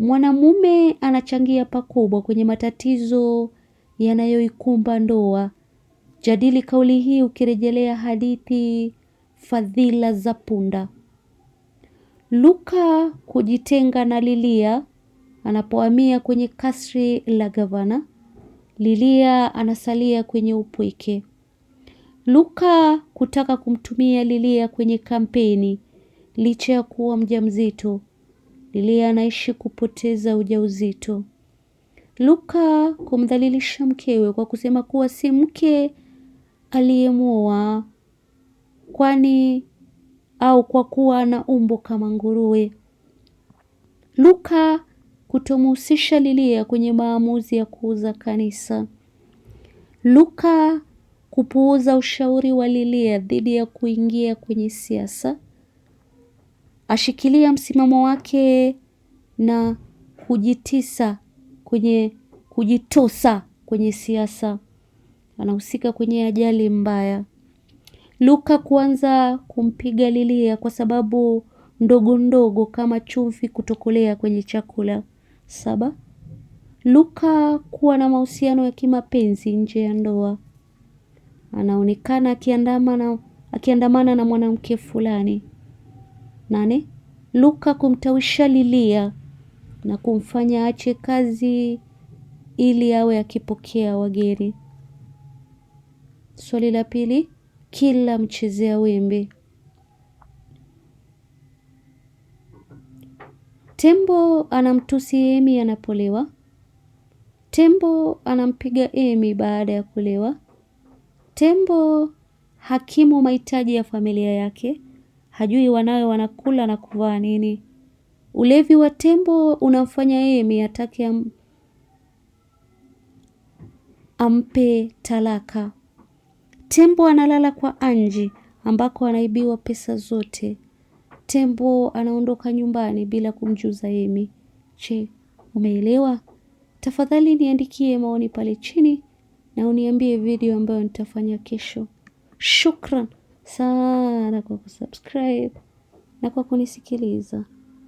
Mwanamume anachangia pakubwa kwenye matatizo yanayoikumba ndoa. Jadili kauli hii ukirejelea hadithi Fadhila za Punda. Luka kujitenga na Lilia anapohamia kwenye kasri la gavana. Lilia anasalia kwenye upweke. Luka kutaka kumtumia Lilia kwenye kampeni licha ya kuwa mjamzito. Lilia anaishi kupoteza ujauzito. Luka kumdhalilisha mkewe kwa kusema kuwa si mke aliyemwoa kwani au kwa kuwa na umbo kama nguruwe. Luka kutomhusisha Lilia kwenye maamuzi ya kuuza kanisa. Luka kupuuza ushauri wa Lilia dhidi ya kuingia kwenye siasa ashikilia msimamo wake na kujitisa kwenye kujitosa kwenye siasa. Anahusika kwenye ajali mbaya. Luka kuanza kumpiga Lilia kwa sababu ndogo ndogo kama chumvi kutokolea kwenye chakula. Saba. Luka kuwa na mahusiano ya kimapenzi nje ya ndoa. Anaonekana akiandamana na mwanamke fulani nane. Luka kumtawisha Lilia na kumfanya ache kazi ili awe akipokea wageni. Swali la pili, kila mchezea wembe. Tembo anamtusi Emi anapolewa. Tembo anampiga Emi baada ya kulewa. Tembo hakimu mahitaji ya familia yake hajui wanawe wanakula na kuvaa nini. Ulevi wa tembo unamfanya Emi atake am, ampe talaka. Tembo analala kwa Anji ambako anaibiwa pesa zote. Tembo anaondoka nyumbani bila kumjuza Emi. Che, umeelewa? Tafadhali niandikie maoni pale chini na uniambie video ambayo nitafanya kesho. Shukran sana kwa kusubscribe na kwa kunisikiliza.